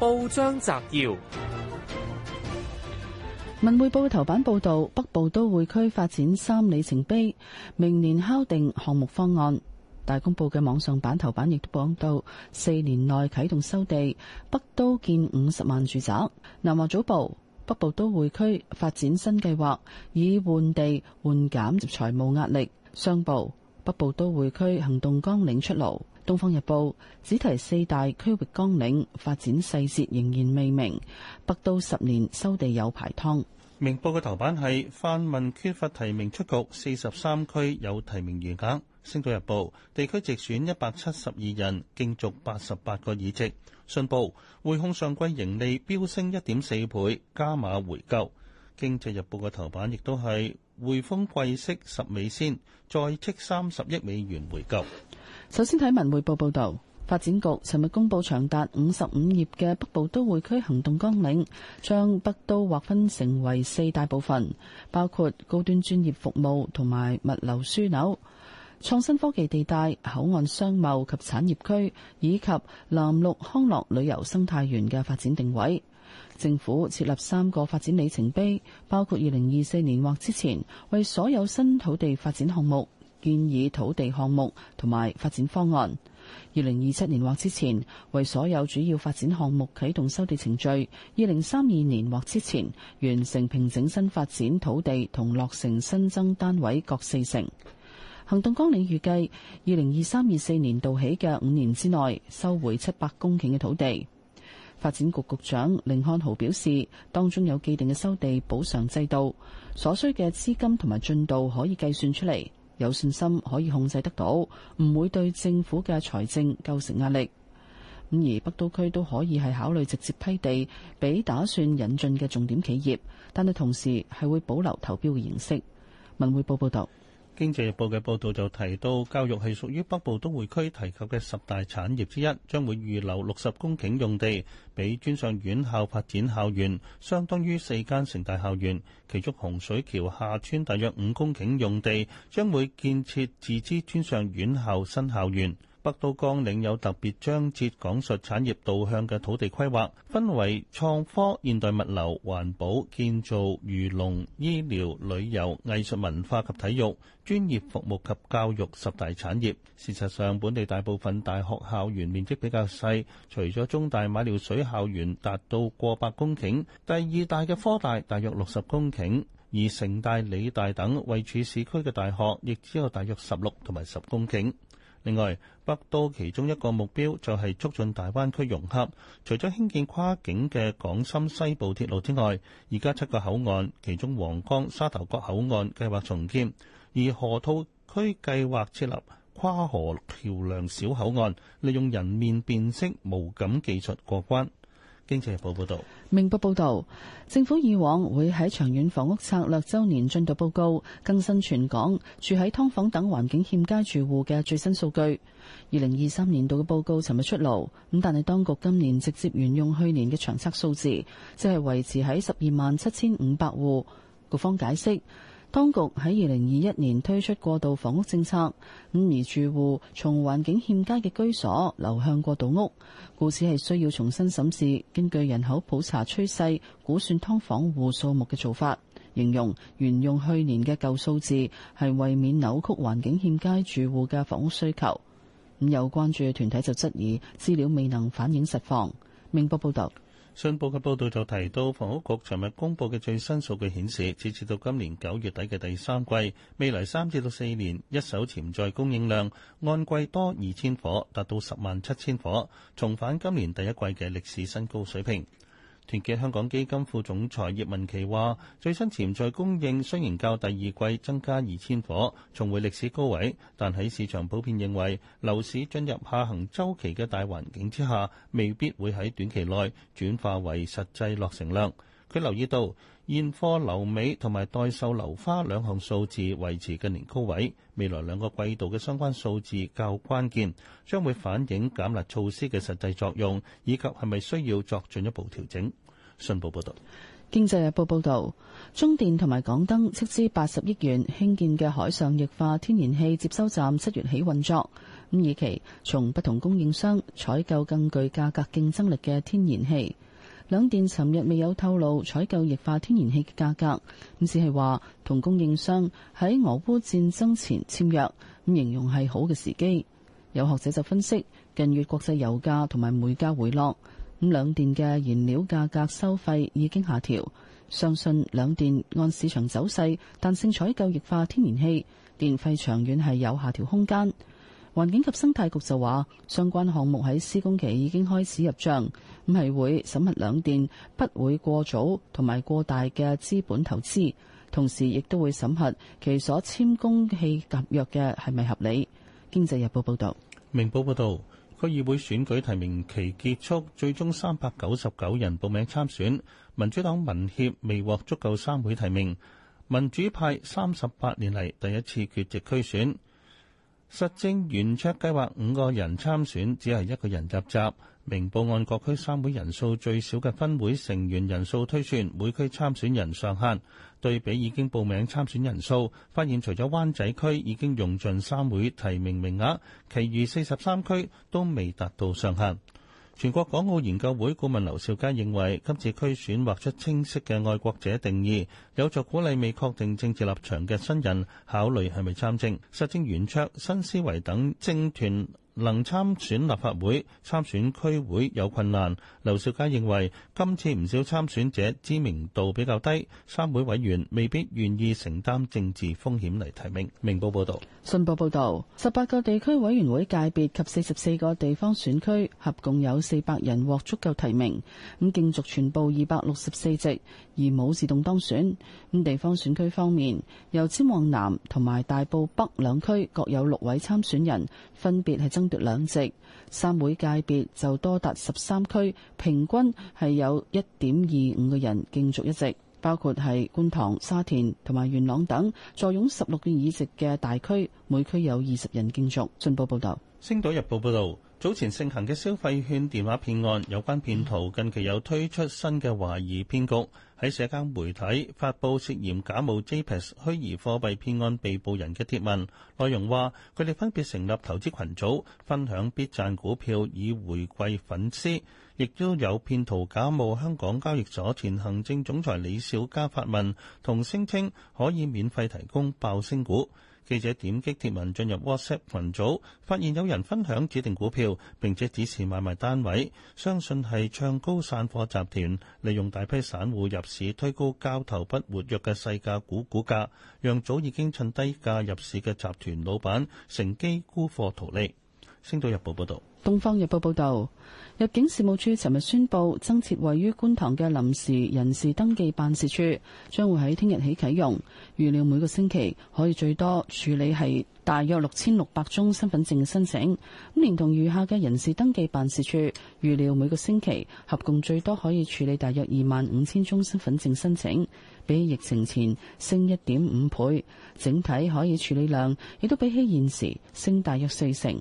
報章摘要：《文匯報》頭版報道北部都會區發展三里程碑，明年敲定項目方案。《大公報》嘅網上版頭版亦都報道，四年內啟動收地，北都建五十萬住宅。《南華早報》北部都會區發展新計劃，以換地換減財務壓力。商報北部都會區行動綱領出爐。《東方日報》只提四大區域綱領發展細節仍然未明，北到十年收地有排湯。《明報》嘅頭版係泛民缺乏提名出局，四十三區有提名餘額。《星島日報》地區直選一百七十二人競逐八十八個議席。《信報》匯控上季盈利飆升一點四倍，加碼回購。《經濟日報》嘅頭版亦都係匯豐季息十美仙，再斥三十億美元回購。首先睇文匯報報道，發展局尋日公布長達五十五頁嘅北部都會區行動綱領，將北都劃分成為四大部分，包括高端專業服務同埋物流樞紐、創新科技地帶、口岸商貿及產業區，以及南陸康樂旅遊生態園嘅發展定位。政府設立三個發展里程碑，包括二零二四年或之前為所有新土地發展項目建議土地項目同埋發展方案，二零二七年或之前為所有主要發展項目啟動收地程序；二零三二年或之前完成平整新發展土地同落成新增單位各四成。行動綱領預計二零二三二四年度起嘅五年之內收回七百公頃嘅土地。發展局局長凌漢豪表示，當中有既定嘅收地補償制度，所需嘅資金同埋進度可以計算出嚟。有信心可以控制得到，唔會對政府嘅財政構成壓力。咁而北都區都可以係考慮直接批地俾打算引進嘅重點企業，但係同時係會保留投標嘅形式。文匯報報道。經濟日報嘅報道就提到，教育係屬於北部都會區提及嘅十大產業之一，將會預留六十公頃用地俾專上院校發展校園，相當於四間城大校園。其中洪水橋下村大約五公頃用地將會建設自資專上院校新校園。北都綱領有特別章節講述產業導向嘅土地規劃，分為創科、現代物流、環保、建造、漁農、醫療、旅遊、藝術文化及體育、專業服務及教育十大產業。事實上，本地大部分大學校園面積比較細，除咗中大馬料水校園達到過百公頃，第二大嘅科大大約六十公頃，而城大、理大等位處市區嘅大學，亦只有大約十六同埋十公頃。另外，北都其中一個目標就係促進大灣區融合，除咗興建跨境嘅港深西部鐵路之外，而家七個口岸其中皇崗沙頭角口岸計劃重建，而河套區計劃設立跨河橋梁小口岸，利用人面辨識無感技術過關。《經濟日報》報道，《明報》報道，政府以往會喺長遠房屋策略週年進度報告更新全港住喺劏房等環境欠佳住戶嘅最新數據。二零二三年度嘅報告尋日出爐，咁但係當局今年直接沿用去年嘅長測數字，即係維持喺十二萬七千五百戶。局方解釋。當局喺二零二一年推出過渡房屋政策，咁而住戶從環境欠佳嘅居所流向過渡屋，故此係需要重新審視根據人口普查趨勢估算劏房戶數目嘅做法，形容沿用去年嘅舊數字係為免扭曲環境欠佳住戶嘅房屋需求。咁有關注團體就質疑資料未能反映實況，明報報道。信報嘅報道就提到，房屋局尋日公佈嘅最新數據顯示，截至到今年九月底嘅第三季，未來三至到四年一手潛在供應量按季多二千伙，達到十萬七千伙，重返今年第一季嘅歷史新高水平。團結香港基金副總裁葉文琪話：最新潛在供應雖然較第二季增加二千夥，重回歷史高位，但喺市場普遍認為樓市進入下行周期嘅大環境之下，未必會喺短期內轉化為實際落成量。佢留意到。現貨留尾同埋代售樓花兩項數字維持近年高位，未來兩個季度嘅相關數字較關鍵，將會反映減辣措施嘅實際作用，以及係咪需要作進一步調整。信報報導，《經濟日報》報道，中電同埋港燈斥資八十億元興建嘅海上液化天然氣接收站，七月起運作，咁以期從不同供應商採購更具價格競爭力嘅天然氣。兩電尋日未有透露採購液化天然氣嘅價格，咁只係話同供應商喺俄烏戰爭前簽約，咁形容係好嘅時機。有學者就分析，近月國際油價同埋煤價回落，咁兩電嘅燃料價格收費已經下調，相信兩電按市場走勢，彈性採購液化天然氣，電費長遠係有下調空間。環境及生態局就話，相關項目喺施工期已經開始入賬，咁係會審核兩電不會過早同埋過大嘅資本投資，同時亦都會審核其所簽供氣合約嘅係咪合理。經濟日報報道，明報報道，區議會選舉提名期結束，最終三百九十九人報名參選，民主黨民協未獲足夠三會提名，民主派三十八年嚟，第一次缺席區選。實政圓桌計劃五個人參選，只係一個人入閘。明報按各區三會人數最少嘅分會成員人數推算，每區參選人上限，對比已經報名參選人數，發現除咗灣仔區已經用盡三會提名名額，其餘四十三區都未達到上限。全國港澳研究會顧問劉兆佳認為，今次區選劃出清晰嘅愛國者定義，有助鼓勵未確定政治立場嘅新人考慮係咪參政。實政圓桌、新思維等政團，能參選立法會、參選區會有困難。劉少佳認為今次唔少參選者知名度比較低，三會委員未必願意承擔政治風險嚟提名。明報報導，信報報導，十八個地區委員會界別及四十四個地方選區合共有四百人獲足夠提名，咁競逐全部二百六十四席，而冇自動當選。咁地方選區方面，由尖旺南同埋大埔北兩區各有六位參選人，分別係增。兩席，三會界別就多達十三區，平均係有一點二五個人競逐一席，包括係觀塘、沙田同埋元朗等，坐擁十六個議席嘅大區，每區有二十人競逐。進步報道，《星島日報》報道，早前盛行嘅消費券電話騙案，有關騙徒近期有推出新嘅懷疑騙局。喺社交媒體發布涉嫌假冒 JPEX 虛擬貨幣騙案被捕人嘅帖文，內容話佢哋分別成立投資群組，分享必賺股票以回饋粉絲，亦都有騙徒假冒香港交易所前行政總裁李小加發文，同聲稱可以免費提供爆升股。記者點擊貼文進入 WhatsApp 群組，發現有人分享指定股票，並且指示買賣單位。相信係唱高散貨集團利用大批散戶入市推高交投不活躍嘅細價股股價，讓早已經趁低價入市嘅集團老闆乘機沽貨套利。星島日報報導。東方日報報道，入境事務處尋日宣佈，增設位於觀塘嘅臨時人事登記辦事處，將會喺聽日起啟用。預料每個星期可以最多處理係大約六千六百宗身份證申請。咁連同餘下嘅人事登記辦事處，預料每個星期合共最多可以處理大約二萬五千宗身份證申請，比起疫情前升一點五倍。整體可以處理量亦都比起現時升大約四成。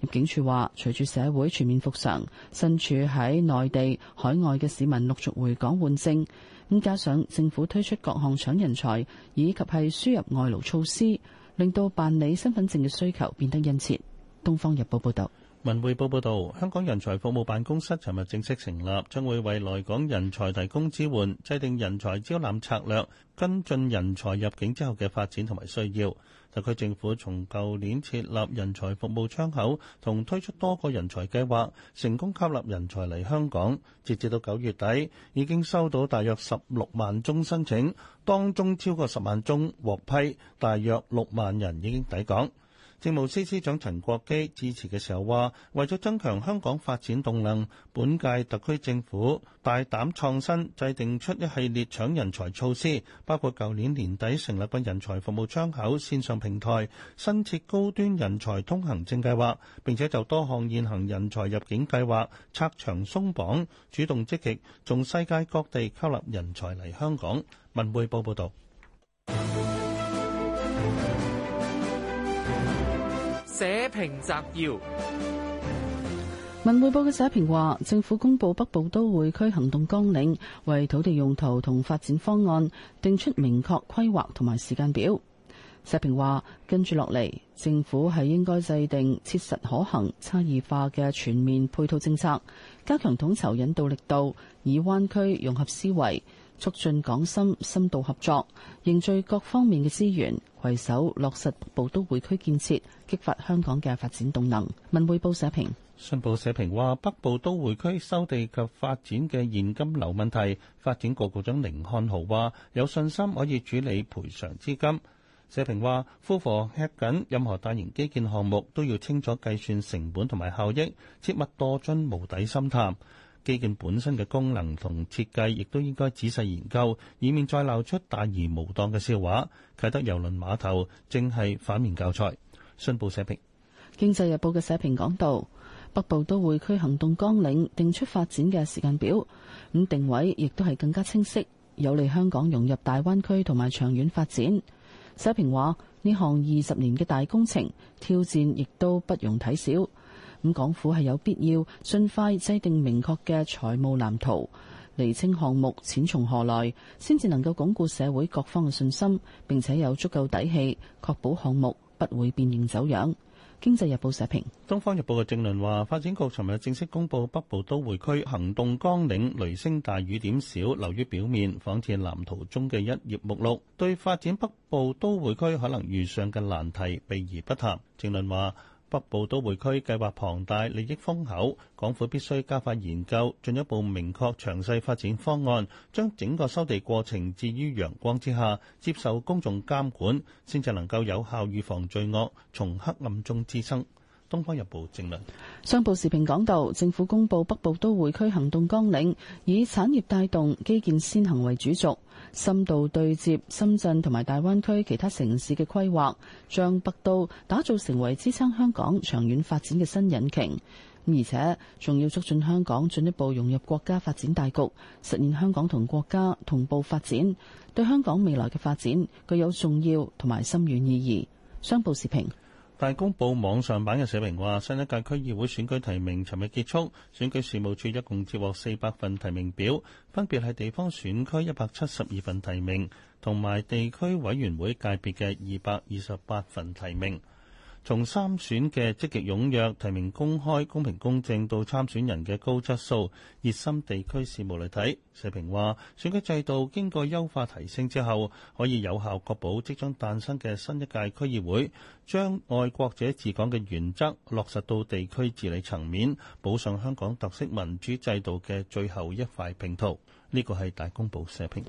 入境處話，隨住社會全面復常，身處喺內地、海外嘅市民陸續回港換證，咁加上政府推出各項搶人才以及係輸入外勞措施，令到辦理身份證嘅需求變得殷切。東方日報報道。文匯報報道，香港人才服務辦公室尋日正式成立，將會為來港人才提供支援，製定人才招攬策略，跟進人才入境之後嘅發展同埋需要。特區政府從舊年設立人才服務窗口，同推出多個人才計劃，成功吸納人才嚟香港。截至到九月底，已經收到大約十六萬宗申請，當中超過十萬宗獲批，大約六萬人已經抵港。政務司司長陳國基致辭嘅時候話，為咗增強香港發展動能，本屆特區政府大膽創新，製定出一系列搶人才措施，包括舊年年底成立嘅人才服務窗口線上平台，新設高端人才通行證計劃，並且就多項現行人才入境計劃拆牆鬆綁，主動積極，從世界各地吸納人才嚟香港。文匯報報道。社評摘要：文匯報嘅社評話，政府公布北部都會區行動綱領，為土地用途同發展方案定出明確規劃同埋時間表。社評話，跟住落嚟，政府係應該制定切實可行、差異化嘅全面配套政策，加強統籌引導力度，以灣區融合思維。促進港深深度合作，凝聚各方面嘅資源，攜手落實北部都會區建設，激發香港嘅發展動能。文匯報社評。信報社評話北部都會區收地及發展嘅現金流問題，發展局局長寧漢豪話有信心可以處理賠償資金。社評話夫婦吃緊，任何大型基建項目都要清楚計算成本同埋效益，切勿墮進無底深潭。基建本身嘅功能同設計亦都應該仔細研究，以免再鬧出大而無當嘅笑話。啟德郵輪碼頭正係反面教材。信報社評，《經濟日報》嘅社評講道：北部都會區行動綱領定出發展嘅時間表，咁定位亦都係更加清晰，有利香港融入大灣區同埋長遠發展。社評話呢項二十年嘅大工程，挑戰亦都不容睇小。咁港府係有必要盡快制定明確嘅財務藍圖，釐清項目錢從何來，先至能夠鞏固社會各方嘅信心，並且有足夠底氣，確保項目不會變形走樣。經濟日報社評，東方日報嘅政論話，發展局尋日正式公佈北部都會區行動綱領，雷聲大雨點小，流於表面，仿似藍圖中嘅一頁目錄，對發展北部都會區可能遇上嘅難題避而不談。政論話。北部都會區計劃龐大，利益豐厚，港府必須加快研究，進一步明確詳細發展方案，將整個收地過程置於陽光之下，接受公眾監管，先至能夠有效預防罪惡從黑暗中滋生。《東方日報》政論，商報時評講到，政府公布北部都會區行動綱領，以產業帶動基建先行為主軸，深度對接深圳同埋大灣區其他城市嘅規劃，將北都打造成為支撐香港長遠發展嘅新引擎。而且仲要促進香港進一步融入國家發展大局，實現香港同國家同步發展，對香港未來嘅發展具有重要同埋深遠意義。商報時評。大公報網上版嘅社評話：新一屆區議會選舉提名尋日結束，選舉事務處一共接獲四百份提名表，分別係地方選區一百七十二份提名，同埋地區委員會界別嘅二百二十八份提名。從參選嘅積極踴躍、提名公開、公平公正到參選人嘅高質素、熱心地區事務嚟睇，社評話選舉制度經過優化提升之後，可以有效確保即將誕生嘅新一屆區議會將愛國者治港嘅原則落實到地區治理層面，補上香港特色民主制度嘅最後一塊拼圖。呢個係大公報社評。